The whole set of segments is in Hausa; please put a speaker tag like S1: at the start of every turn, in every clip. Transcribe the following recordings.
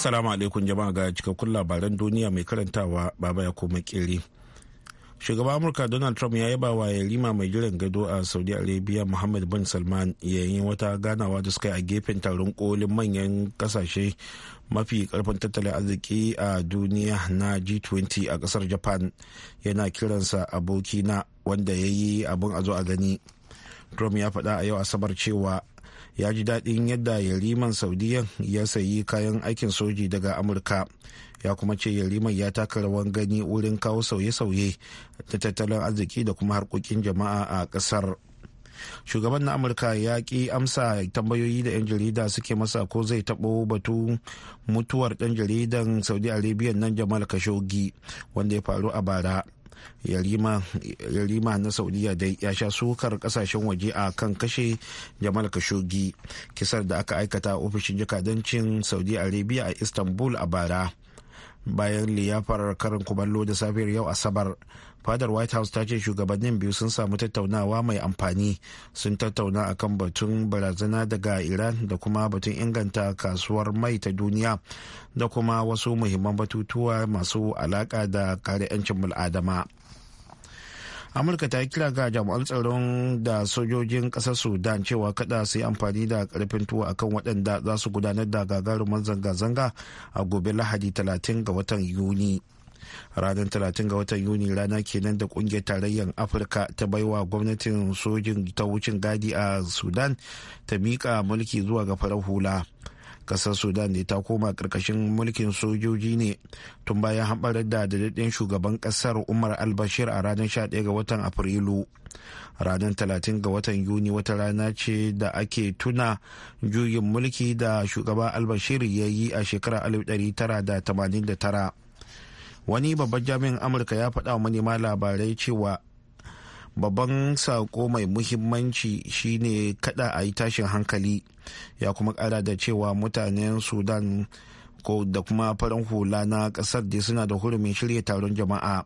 S1: Assalamu alaikum jama'a ga cikakkun labaran duniya mai karantawa baba ya koma kere. Shugaban Amurka Donald Trump ya yaba wa yarima mai jiran gado a Saudi Arabia Muhammad bin Salman yayin wata ganawa da suka yi a gefen taron kolin manyan kasashe mafi karfin tattalin arziki a duniya na G20 a kasar Japan yana kiransa aboki na wanda ya yi abin a zo a gani. Trump ya faɗa a yau Asabar cewa ya ji daɗin yadda yariman saudiya ya sayi kayan aikin soji daga amurka ya kuma ce yariman ya taka rawan gani wurin kawo sauye-sauye da tattalin arziki da kuma harkokin jama'a a ƙasar shugaban na amurka ya ki amsa tambayoyi da 'yan jarida suke masa ko zai taɓo batu mutuwar ɗan jaridan saudi arabia nan jamal khashoggi wanda ya faru a bara yarima na saudiya dai ya sha sukar kasashen waje a kan kashe jamal kashogi kisar da aka aikata ofishin jakadancin saudi arabia a istanbul a bara bayan liyafar karin kumallo da safiyar yau asabar fadar white house ta ce shugabannin biyu sun samu tattaunawa mai amfani sun tattauna akan batun barazana daga iran da kuma batun inganta kasuwar mai ta duniya da kuma wasu muhimman batutuwa masu alaka da kare 'yancin mul'adama amurka ta yi kira ga jami'an tsaron da sojojin kasar sudan cewa kada su yi amfani da karfin tuwa akan waɗanda za su gudanar da gagarumin zanga-zanga a gobe lahadi 30 ga watan yuni ranar 30 ga watan yuni rana kenan da kungiyar tarayyar afirka ta baiwa gwamnatin sojin ta wucin gadi a sudan ta miƙa mulki zuwa ga farar hula kasar sudan ne ta koma ƙarƙashin mulkin sojoji ne tun bayan haɓarar da daɗaɗɗen shugaban ƙasar umar albashir a ranar 11 ga watan afrilu ranar 30 ga watan yuni wata rana ce da ake tuna juyin mulki da shugaba albashir ya yi a shekarar 1989 wani babban jami'in amurka ya faɗa wa manema labarai cewa babban sako mai muhimmanci shine kada a yi tashin hankali ya kuma kara da cewa mutanen sudan ko da kuma farin hula na kasar da suna da hurumin shirya taron jama'a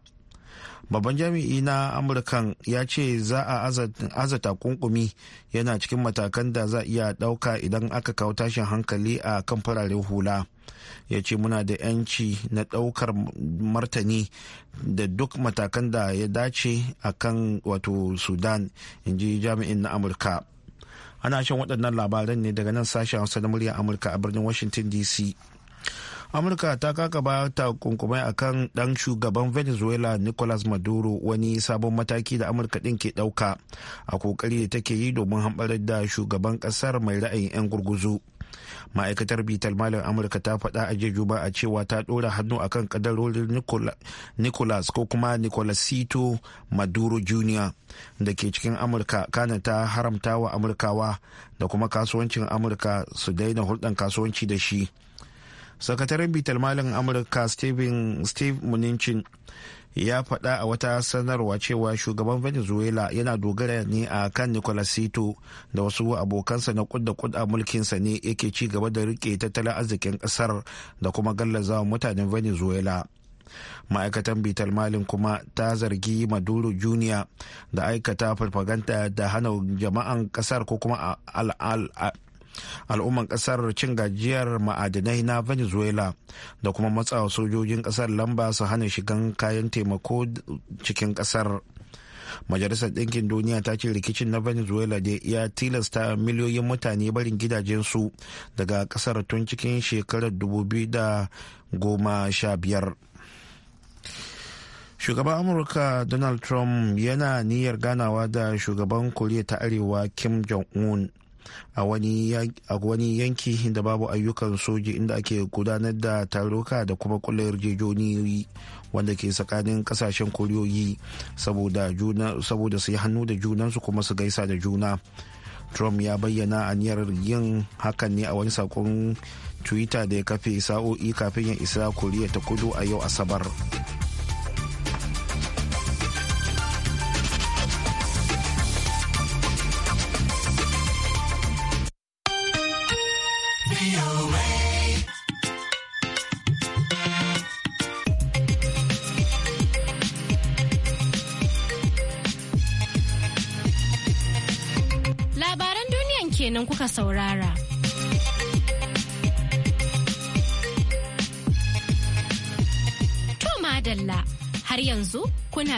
S1: babban jami'i na amurka ya ce za a azata kunkumi yana cikin matakan da za iya ɗauka idan aka kawo tashin hankali a kan fararen hula ya ce muna da 'yanci na ɗaukar martani da duk matakan da ya dace a kan wato sudan in ji jami'in na amurka ana shan waɗannan labaran ne daga nan sashen hausa na murya amurka a birnin washington dc amurka ta kakaba kunkumai a kan ɗan shugaban venezuela nicolas maduro wani sabon mataki da amurka din ke dauka a kokari da take yi domin hambarar da shugaban ƙasar mai ra'ayin 'yan gurguzu ma'aikatar bitar malin amurka ta faɗa a ba a cewa ta ɗora hannu akan kadarorin nicolas ko kuma nicolasito maduro jr da ke cikin amurka kana ta haramtawa amurkawa da kuma kasuwancin amurka su daina hulɗan kasuwanci da shi sakataren bitar malin amurka steve mnuchin ya faɗa a wata sanarwa cewa shugaban venezuela yana dogara ne a kan nicolas sito da wasu abokansa na kudda-kudda mulkinsa ne yake ci gaba da rike tattalin arzikin ƙasar da kuma gallaza mutanen venezuela ma'aikatan bitar malin kuma ta zargi maduro junior da aikata farfaganta da hana jama'an kasar ko kuma al'umman kasar cin gajiyar ma'adinai na venezuela da kuma matsawa sojojin kasar lamba su hana shigan kayan taimako cikin kasar majalisar ɗinkin duniya ta ce rikicin na venezuela da ya tilasta miliyoyin mutane barin gidajensu daga kasar tun cikin shekarar 2015 shugaban amurka donald trump yana niyyar ganawa da shugaban koriya ta arewa kim jong-un a wani yanki da babu ayyukan soji inda ake gudanar da taruka da kuma kula yarjejeniyoyi wanda ke tsakanin kasashen koriyoyi saboda su yi hannu da junansu kuma su gaisa da juna trump ya bayyana aniyar yin hakan ne a wani saƙon twitter da ya kafe sa'o'i kafin ya isa koriya ta kudu a yau asabar.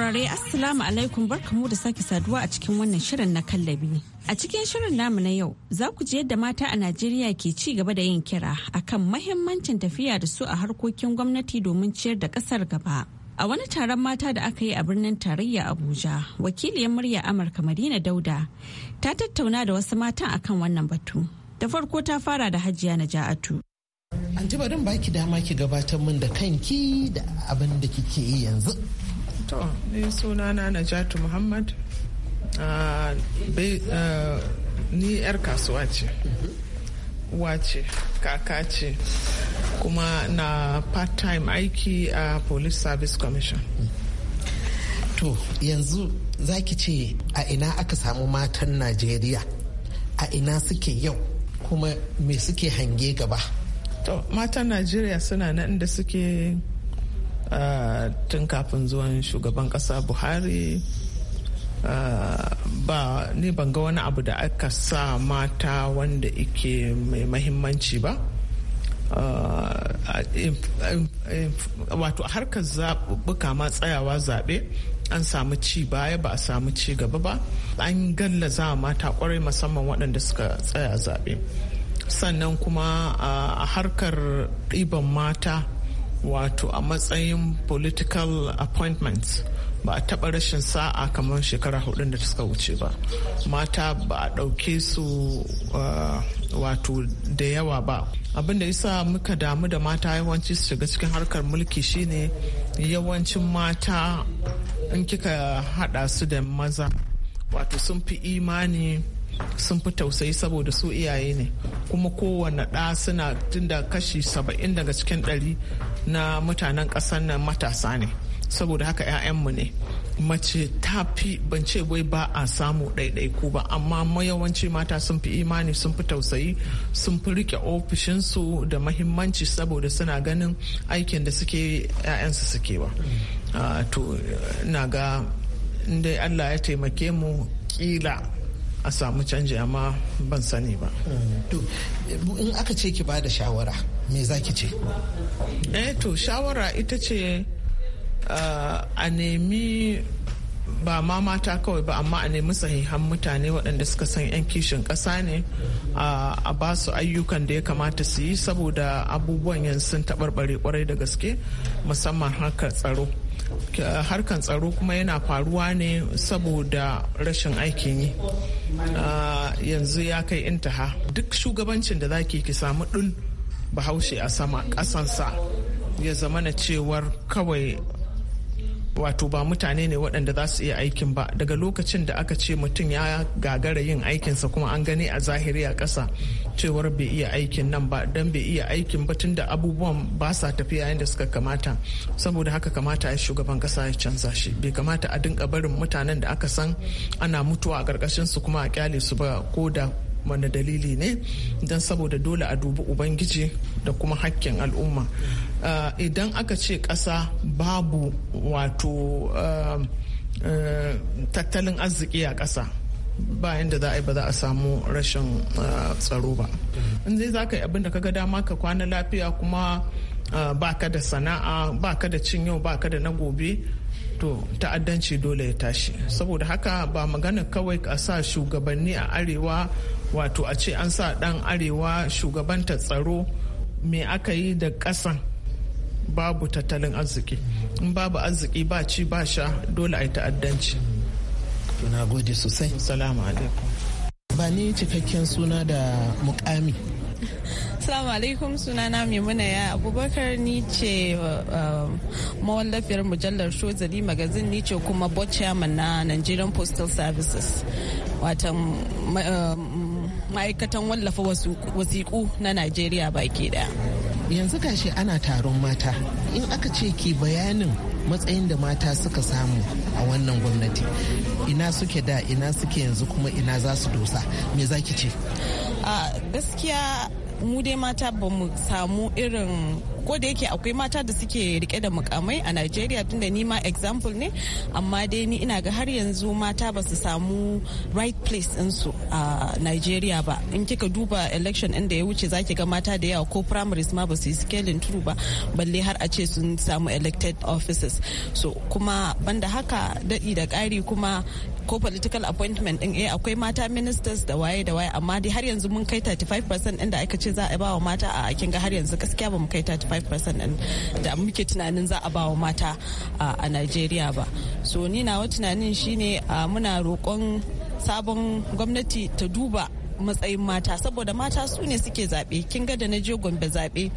S2: saurare Assalamu alaikum barkamu da sake saduwa a cikin wannan shirin na kallabi. A cikin shirin namu na yau za ku ji yadda mata a Najeriya ke ci gaba da yin kira akan mahimmancin tafiya da su a harkokin gwamnati domin ciyar da ƙasar gaba. A wani taron mata da aka yi a birnin tarayya Abuja, wakiliyar murya Amurka Madina Dauda ta tattauna da wasu matan akan wannan batu. Da farko ta fara da Hajiya Naja'atu.
S3: An ji baki dama ki gabatar min da kanki da abin da
S4: kike yi yanzu.
S3: to mm. ni suna na najatu muhammad ah, ah, ni yar kasuwa ce mm-hmm. wace kaka ce kuma na part-time aiki a police service commission mm. to yanzu za ki ce a ina aka samu matan najeriya a ina suke yau kuma me suke hange gaba to matan najeriya suna nan da suke Eh, tun kafin zuwan shugaban kasa buhari eh, ba ni ban ga wani abu da aka sa mata wanda ike mai mahimmanci ba eh, wato harkar zaɓuɓɓuka ma tsayawa zaɓe an samu ci baya ba a samu ci gaba ba an gallaza mata kwarai musamman waɗanda suka tsaya zaɓe sannan kuma a harkar ɗiban mata wato a matsayin political appointments ba a taɓa rashin sa'a kamar shekara hudun da suka wuce ba mata ba a ɗauke su eh, wato da yawa ba abin da yasa muka damu da mata yawanci su shiga cikin harkar mulki shine yawancin mata in kika hada su da maza wato sun fi imani sun fi tausayi saboda su iyaye ne kuma kowane ɗa suna tunda kashi saba'in daga cikin ɗari na mutanen ƙasar nan matasa ne saboda haka 'ya'yanmu ne mace ta fi ban ce wai ba a samu ɗaiɗaiku ba amma mayawanci mata sun fi imani sun fi tausayi sun fi rike ofishinsu da mahimmanci saboda suna ganin aikin da suke 'ya'yansu suke ba ah, to na ga inda allah ya taimake mu kila a samu canji amma ban sani ba. in aka ce ki bada shawara, me za ki ce? Eh to, shawara ita ce ah, a nemi ba ma mata kawai ba amma a nemi sahihan mutane waɗanda suka san 'yan kishin ƙasa ne ah, a ba su ayyukan da ya kamata su yi saboda abubuwan yanzu sun taɓarɓare kwarai da gaske musamman harkar tsaro. harkan tsaro kuma yana faruwa ne saboda rashin aikin yi ah, yanzu ya kai intaha duk shugabancin da zaki ki samu din bahaushe a sama ƙasansa ya zamana na cewar kawai wato ba mutane ne waɗanda za su iya aikin ba daga lokacin da aka ce mutum ya gagara yin aikinsa kuma an gani a zahiri a ƙasa cewar bai iya aikin nan ba don bai iya aikin ba tun da abubuwan ba sa tafiya yadda suka kamata saboda haka kamata ya shugaban ƙasa ya canza shi bai kamata a dinga barin mutanen da aka san ana mutuwa a ƙarƙashin su kuma a kyale su ba ko da wanda dalili ne don saboda dole a dubi ubangiji da kuma hakkin al'umma eh, idan aka ce ƙasa babu wato eh, eh, tattalin arziki a ƙasa bayan da za a yi ba za a samu rashin tsaro ba in zai za ka yi abin da ka ga dama ka kwana lafiya kuma ba ka da sana'a ba ka da cin yau ba ka da na gobe to ta'addanci dole ya tashi saboda haka ba magana kawai a sa shugabanni a arewa wato a ce an sa dan arewa shugabanta tsaro me aka yi da kasan babu tattalin arziki in babu arziki ba ci ba sha dole a yi ta'addanci na gode sosai
S2: ba ni cikakken suna da
S4: mukami
S2: Assalamu alaikum sunana Maimuna ya Abubakar ni ce um, mawallafiyar mujallar Shozali magazin ni ce kuma bocciyama na Nigerian Postal Services. Watan um, ma'aikatan wallafa wasiku na Najeriya baki daya.
S3: Yanzu gashi ana taron mata in aka ce ki bayanin matsayin da mata suka samu a wannan gwamnati ina suke da ina suke yanzu kuma ina za su dosa me za ki ce?
S2: gaskiya mu dai mata ba mu samu irin ko da yake akwai mata da suke rike da mukamai a Najeriya tunda ni ma example ne amma dai ni ina ga har yanzu mata ba su samu right place su a Najeriya ba in kika duba election da ya wuce zaki ga mata da yawa ko primaries ma ba su yi scaling through ba balle har a ce sun samu elected offices so kuma banda haka daɗi da ƙari kuma ko political appointment din eh akwai mata ministers da waye da waye amma dai har yanzu mun kai 35% din da aka ce za a ba wa mata a kin ga har yanzu gaskiya ba mu kai 35% din da muke tunanin za a ba mata a Najeriya ba so ni nawa tunanin shine muna roƙon sabon gwamnati ta duba matsayin mata saboda mata su ne suke zaɓe kin ga da na je gombe zaɓe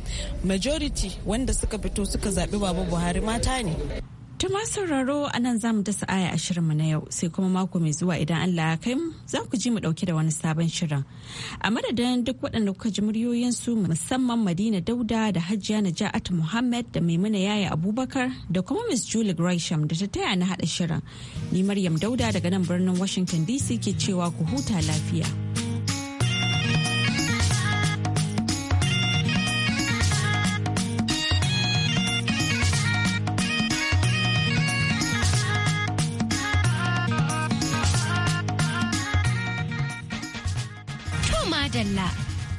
S2: majority wanda suka fito suka zaɓi baba buhari mata ne Tuma sauraro a nan za mu dasa aya a shirinmu na yau sai kuma mako mai zuwa idan Allah ya kai mu za ku ji mu dauke da wani sabon shirin. A madadin duk waɗanda kuka ji muryoyinsu musamman Madina Dauda da Hajiya Naja'atu Muhammad da Maimuna Yaya Abubakar da kuma Miss Julie Gresham da ta taya na haɗa shirin. Ni Maryam Dauda daga nan birnin Washington DC ke cewa ku huta lafiya.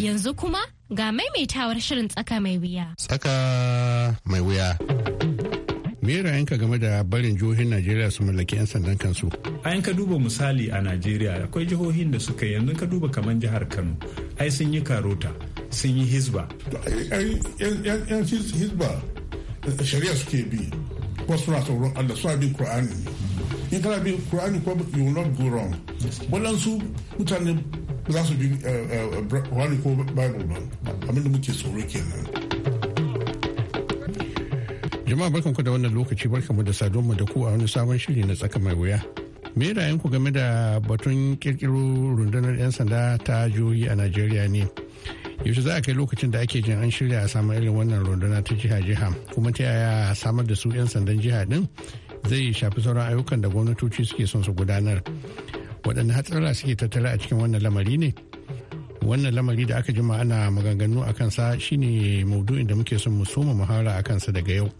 S5: yanzu kuma ga maimaitawar shirin tsaka mai wuya.
S6: Tsaka mai wuya. Me ra'ayinka game da barin jihohin Najeriya su mallaki 'yan sandan kansu? Ayan ka duba misali a Najeriya
S7: akwai jihohin da suka yanzu ka duba kamar jihar Kano. Ai sun yi karota, sun yi hizba. Yan hizba shari'a suke bi,
S8: ko suna sauran Allah suna bin Kur'ani. In kana bin Kur'ani ko you will not go wrong. Waɗansu mutane za su bi wani ko bible ba abinda
S6: muke tsoro kenan jama'a barkanku da wannan lokaci barkanmu da mu da ku a wani sabon shiri na tsaka mai wuya me ku game da batun kirkiro rundunar 'yan sanda ta jihohi a najeriya ne yaushe za a kai lokacin da ake jin an shirya a samun irin wannan runduna ta jiha-jiha kuma ta yaya samar da su 'yan sandan jiha din zai shafi sauran ayyukan da gwamnatoci suke son su gudanar waɗanne hatsara suke tattala a cikin wannan lamari ne wannan lamari da aka jima ana maganganu a kansa shine maudu'in da muke son mu soma muhara a kansa daga yau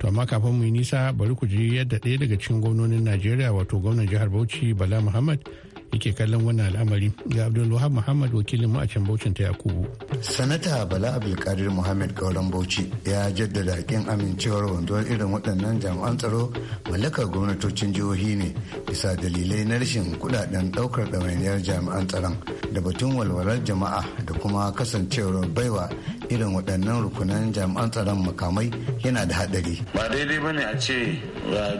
S6: to amma kafin mu yi nisa bari ku ji yadda ɗaya daga cikin gwamnonin najeriya wato gwamnan jihar bauchi bala muhammad yake kallon wannan al'amari ga abdulwahab muhammad wakilin mu a ta yakubu sanata
S7: bala abdulkadir muhammad gauran bauchi ya jaddada kin amincewar wanzuwar irin waɗannan jami'an tsaro mallakar gwamnatocin jihohi ne bisa dalilai na rashin kuɗaɗen ɗaukar ɗawainiyar jami'an tsaron da batun walwalar jama'a da kuma kasancewar baiwa irin waɗannan rukunan jami'an tsaron makamai yana da haɗari.
S1: Ba daidai ba ne a ce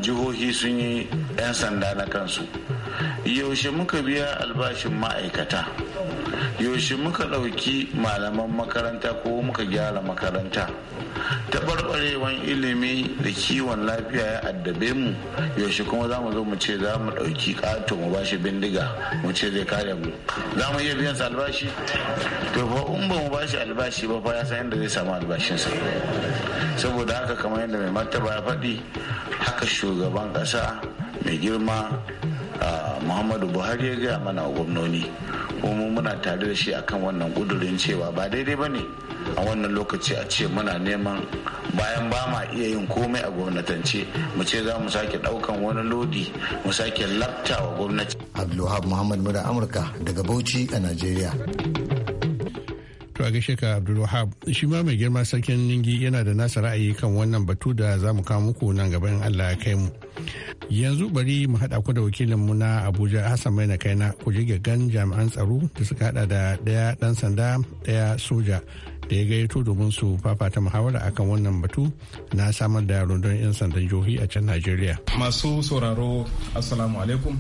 S1: jihohi sun yi 'yan sanda na kansu. yaushe muka biya albashin ma'aikata yaushe muka ɗauki malaman makaranta ko muka gyara makaranta taɓarɓarewan ilimi da kiwon lafiya ya addabe mu yaushe kuma za mu zo mu ce za mu ɗauki ƙato mu bashi bindiga mu ce zai kare mu
S8: za mu iya biyan albashi
S1: to fa in ba mu bashi albashi ba fa ya san yadda zai samu albashinsa saboda haka kamar yadda mai martaba ya faɗi haka shugaban ƙasa mai girma muhammadu buhari ya gaya mana gwamnoni kuma muna tare da shi akan wannan kudurin cewa ba daidai ba ne a wannan lokaci a ce muna neman bayan ba ma iya yin komai a gwamnatance mu ce za mu sake daukan wani lodi mu sake lafta wa gwamnati abdulwahab muhammad
S4: muda amurka daga bauchi a najeriya
S6: To a gaishe ka Abdulwahab shi ma mai girma sarkin Ningi yana da nasa ra'ayi kan wannan batu da za mu kawo muku nan gaban Allah ya kai mu. Yanzu bari mu haɗa ku da wakilin mu na Abuja Hassan Maina Kaina ku ji gan jami'an tsaro da suka hada da ɗaya ɗan sanda ɗaya soja da ya gayyato domin su fafata muhawara akan wannan batu na samar da rundun 'yan sandan jihohi a can Najeriya.
S9: Masu sauraro Assalamu alaikum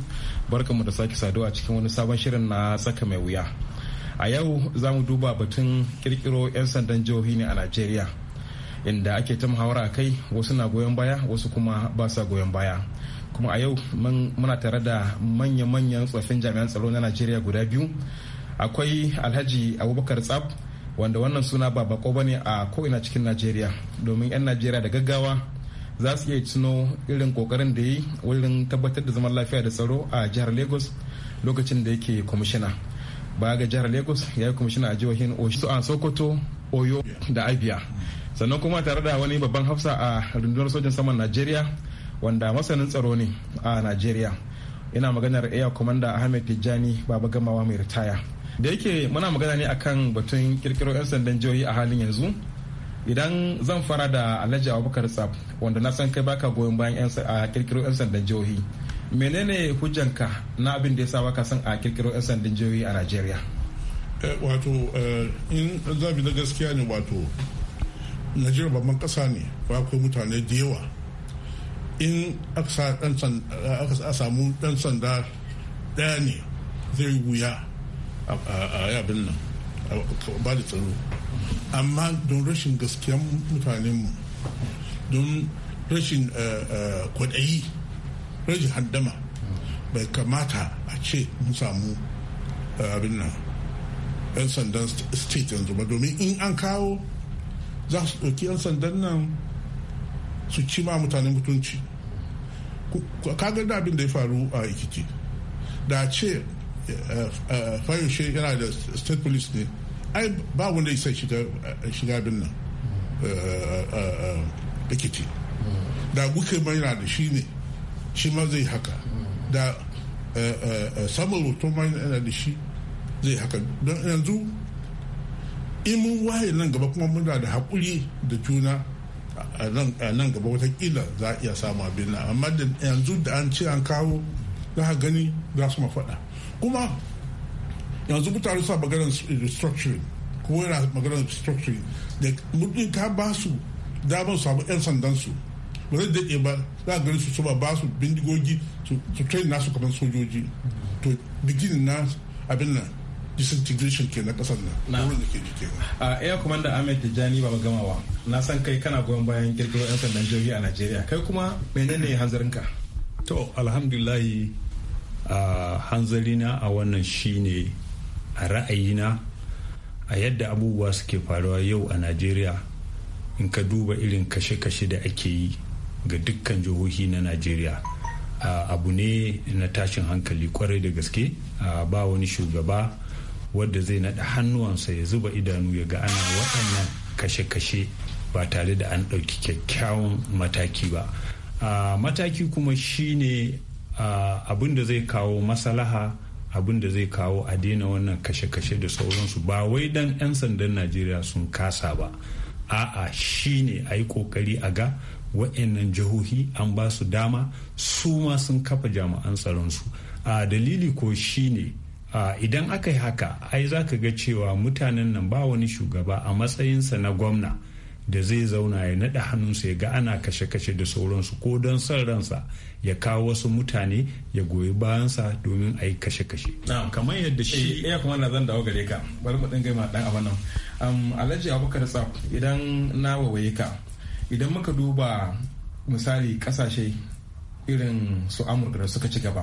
S9: barkamu da sake saduwa cikin wani sabon shirin na saka mai wuya. a yau za mu duba batun kirkiro 'yan sandan jihohi ne a najeriya inda ake ta muhawara kai wasu na goyon baya wasu kuma ba sa goyon baya kuma a yau muna tare da manya-manyan tsoffin jami'an tsaro na najeriya guda biyu akwai alhaji abubakar tsab wanda wannan suna ba bako ba ne a ko'ina cikin najeriya domin 'yan najeriya da gaggawa za su iya tuno irin kokarin da yi wurin tabbatar da zaman lafiya da tsaro a jihar lagos lokacin da yake kwamishina baya ga jihar lagos ya yi kwamishina a jihohin sokoto oyo da abia sannan kuma tare da wani babban hafsa a rundunar sojan saman najeriya wanda masanin tsaro ne a najeriya ina maganar air commander ahmed tijjani baba gamawa mai ritaya da yake muna magana ne akan batun kirkiro 'yan sandan jihohi a halin yanzu idan zan fara da alhaji abubakar tsab wanda na san kai baka goyon bayan a kirkiro 'yan sandan jihohi menene hujjanka na abin da ya sawa baka san a
S8: kirkiro 'yan sandan jihohi a nigeria eh, wato eh, in zabi na gaskiya ne wato najeriya babban kasa ne ba kai mutane da yawa in aka samu dan sanda daya ne zai wuya a yabin nan ba da tsaro amma don rashin gaskiyan mutanenmu don rashin eh, kwaɗayi akwai haddama bai kamata a ce mun samu eh, abin nan yan sandan state yanzu ba domin in an kawo za su ɗauki yan sandan nan su ci ma mutane mutunci kaga da abin da ya faru a ikiti da ce eh, eh, fayoshe yana da state police ne ai ba wanda isa shiga abin nan ikiti da guke mai da shi ne shi ma zai haka da eh, eh, eh, samun hoton ma yana da shi zai haka don yanzu mun waye nan gaba kuma muna da haƙuri da juna a nan gaba watakila za a iya samu abin nan amma da yanzu da an ce an kawo za a gani za su mafaɗa kuma yanzu mutane sa maganar restructuring ko yana maganar restructuring da mutum ka ba su damar samu 'yan sandansu ba zai daɗe ba za a gani su su ba su bindigogi su train nasu kamar sojoji to beginning na abin nan disintegration ke na kasar nan wurin wanda ke jike
S9: a air commander ahmed tijjani ba gamawa na san kai kana goyon bayan kirkiro yan sandan jirgi a nigeria kai kuma menene hanzarinka
S7: to alhamdulillahi hanzarina a wannan shine a ra'ayina a yadda abubuwa suke faruwa yau a nigeria in ka duba irin kashe-kashe da ake yi ga dukkan jihohi na najeriya abu ne na tashin hankali kwarai da gaske ba wani shugaba wadda zai naɗa hannuwansa ya zuba idanu ya ga ana waɗannan kashe-kashe ba tare da an ɗauki kyakkyawan mataki ba mataki kuma shine abin da zai kawo masalaha abin da zai kawo a daina wannan kashe-kashe da sauransu ba wai dan 'yan sandan najeriya sun kasa ba a'a shi ne a yi kokari a ga wa'annan jihohi an ba su dama su ma sun kafa jami'an tsaronsu a dalili ko shine idan aka yi haka ai za ka ga cewa mutanen nan ba wani shugaba a matsayinsa na gwamna da zai zauna ya naɗa hannunsa ya ga ana kashe-kashe da sauransu ko don son ransa ya kawo wasu mutane ya goyi bayansa domin a yi kashe-kashe.
S9: kamar yadda shi eh, iya kuma na zan dawo gare ka bari mu dinga gaima ɗan nan alhaji abubakar tsaf idan na wawaye ka idan muka duba misali kasashe irin su amurka da suka ci gaba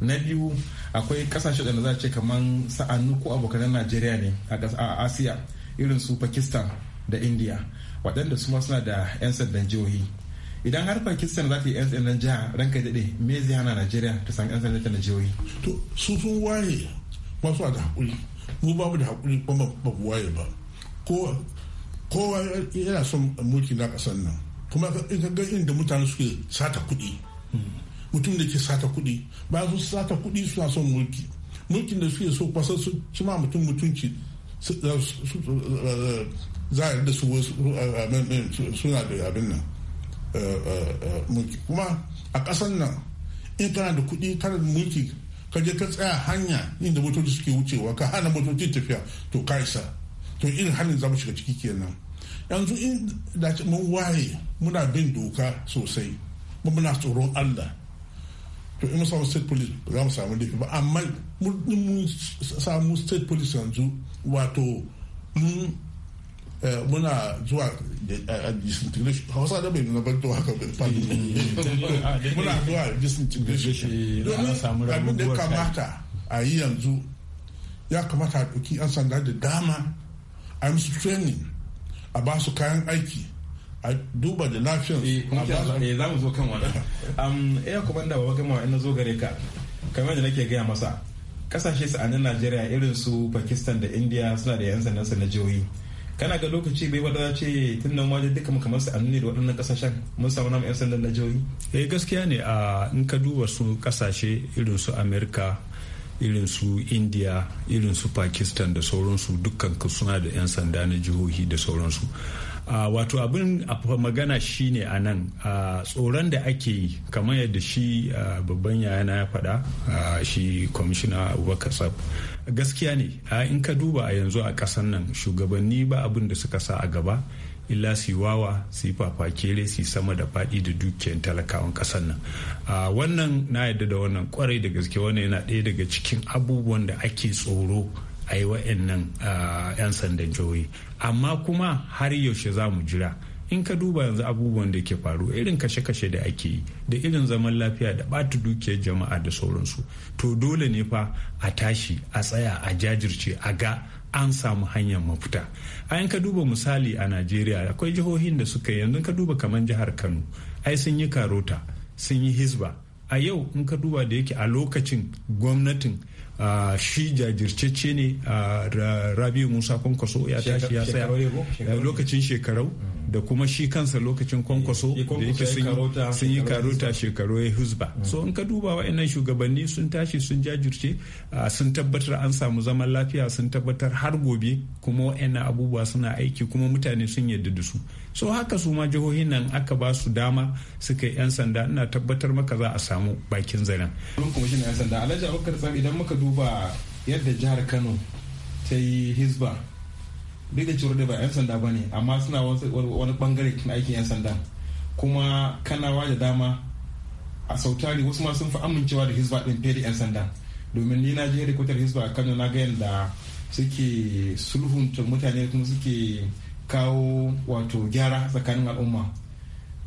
S9: na biyu akwai kasashe da za a ce kamar sa'annu ko abokanan najeriya ne a asiya irin su pakistan da india waɗanda su suna da 'yan sandan jihohi idan har pakistan za ta yi
S8: 'yan sandan jiha ranka daɗe me zai hana najeriya ta san 'yan sandan na jihohi to su sun waye ba su da haƙuri mu babu da haƙuri ba ba waye ba ko kowa yana son mulki na kasar nan kuma in ka ga inda mutane suke sata kuɗi mutum da ke sata kuɗi ba su sata kuɗi suna son mulki mulkin da suke so kwasa su ci ma mutum mutunci za a da eh, eh, eh, su suna da abin nan mulki kuma a kasar nan in kana da kuɗi kana da mulki ka je ka tsaya hanya inda motoci suke wucewa ka hana motoci tafiya to ka isa to irin halin za mu shiga ciki kenan yanzu in da mun waye muna bin doka sosai ba muna tsoron allah to in samu state police ba za mu samu laifi ba amma mun samu state police yanzu wato mun eh, muna zuwa eh, disintegration hausa da bai nuna banto haka bai fadi muna zuwa disintegration eh, domin abin da kamata a yi yanzu ya kamata a ɗauki 'yan sanda da dama an su training a ba su kayan aiki a duba da lafiyan eh, eh
S9: za mu zo kan wannan um eh kuma da baba gama ina zo gare ka kamar da nake gaya masa kasashe anan Najeriya irin su Pakistan da India suna da yan sandan na jihohi kana ga lokaci bai wadda ce tun nan wajen duka kamar su ne da waɗannan kasashen mun samu namu yan sandan na jihohi
S7: eh gaskiya ne a in ka duba su kasashe irin su America irin su india irin su pakistan da sauransu dukkan suna da 'yan sanda na jihohi da sauransu Uh, wato abin magana ne a nan uh, tsoron da ake yi kamar yadda shi uh, babban yana ya faɗa shi kwamishina abubakar sab gaskiya ne in ka duba a yanzu a kasan nan shugabanni ba abin da suka sa a gaba illa su wawa su yi fafakere su sama da faɗi da dukiyar talakawan ƙasar nan wannan na yadda da wannan kwarai da gaske wannan yana ɗaya daga cikin abubuwan da ake tsoro a yi wa'annan 'yan sandan jihohi amma kuma har yaushe za mu jira in ka duba yanzu abubuwan da ke faru irin kashe-kashe da ake yi da irin zaman lafiya da ɓata dukiyar jama'a da sauransu to dole ne fa a tashi a tsaya a jajirce a ga an samu hanyar mafuta a ka duba misali a najeriya akwai jihohin da suka yanzu ka duba kamar jihar kano ai sun yi karota sun yi hisba a yau in ka duba da yake a lokacin gwamnatin Uh, shi jajirce ne a uh, rabiu musa kwankwaso ya tashi ya tsaya eh, lokacin shekarau mm. da kuma shi kansa lokacin kwankwaso eh, da yake sun yi karota shekaru ya huzba hmm. so in ka duba wa'annan shugabanni sun tashi sun jajirce sun tabbatar an samu zaman lafiya sun tabbatar har gobe kuma wa'annan abubuwa suna aiki kuma mutane sun yarda da su so haka su ma jihohin nan aka ba su dama suka yi 'yan sanda ina tabbatar maka za a samu bakin zaren. 'yan sanda alhaji abubakar idan muka duba
S9: yadda jihar kano ta yi hizba duk da cewa ba 'yan sanda ba ne amma suna wani bangare na aikin 'yan sanda kuma kanawa da dama a sautari wasu ma sun fi amincewa da hisba din fiye da 'yan sanda domin ni na je rikotar hisba a kano na ga yadda suke sulhunta mutane kuma suke kawo wato gyara tsakanin al'umma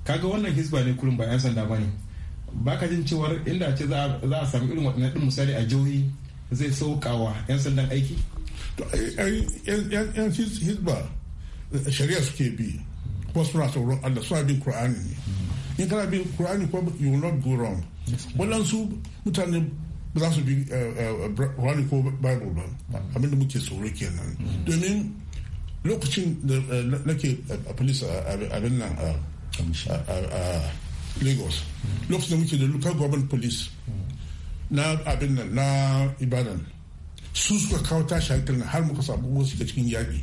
S9: kaga wannan hisba ne kurin ba 'yan sanda ba ne baka jin cewar inda ce za a sami irin waɗannan din misali a jihohi zai
S8: saukawa 'yan sandan aiki yan hizba shari'a suke bi kuma suna sauran Allah suna bin Kur'ani ne in kana bin Kur'ani ko you will not go wrong waɗansu mutane ba za su bi Kur'ani eh, eh, ko Bible ba abinda muke tsoro kenan domin lokacin da eh, nake a police abin nan a Lagos lokacin da muke da local government police na abin nan na Ibadan su suka kawo tashi na har muka samu wasu shiga cikin yaƙi.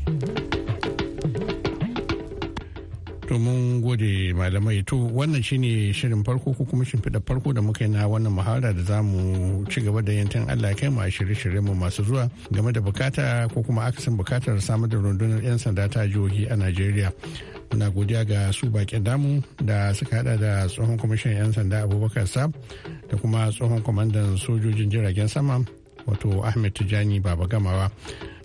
S6: domin gode malamai to wannan shine shirin farko ko kuma shimfiɗa farko da muka yi na wannan muhawara da za mu ci gaba da yantan Allah kai mu a shirye-shirye mu masu zuwa game da bukata ko kuma akasin bukatar samar da rundunar 'yan sanda ta jihohi a Najeriya. Muna godiya ga su bakin damu da suka hada da tsohon kwamishin 'yan sanda Abubakar Sab da kuma tsohon kwamandan sojojin jiragen sama wato ahmed tijani baba gamawa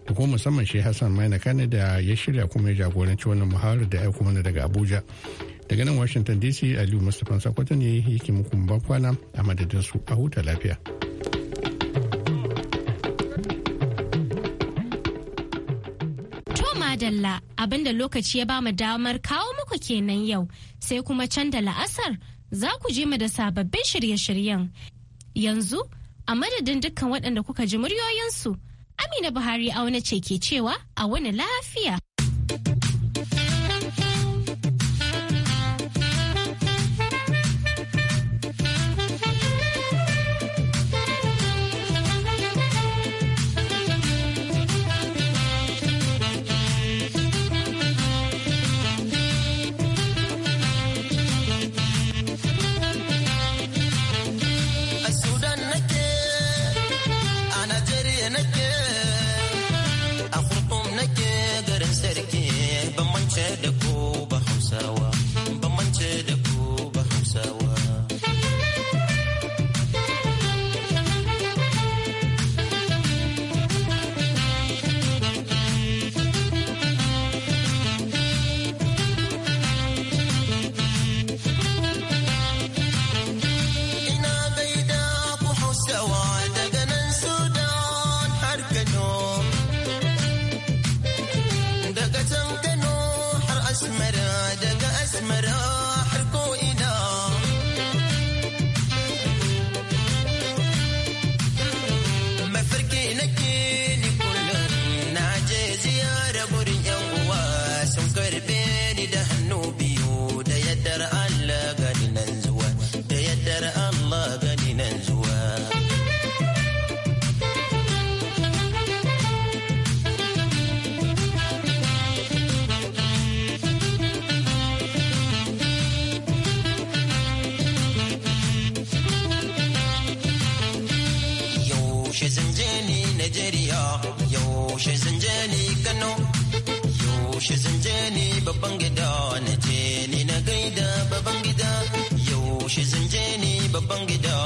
S6: da kuma musamman shi hassan maina kane da ya shirya kuma ya jagoranci wannan muhawarar da aiko mana daga abuja daga nan washington dc aliyu mustapha sakwato ne yake muku kwana a madadin su a huta lafiya
S5: madalla abinda lokaci ya ba mu damar kawo muku kenan yau sai kuma can da la'asar za ku je mu da sababbin shirye-shiryen yanzu a madadin dukkan waɗanda kuka ji muryoyinsu amina buhari auna ce ke cewa a wani lafiya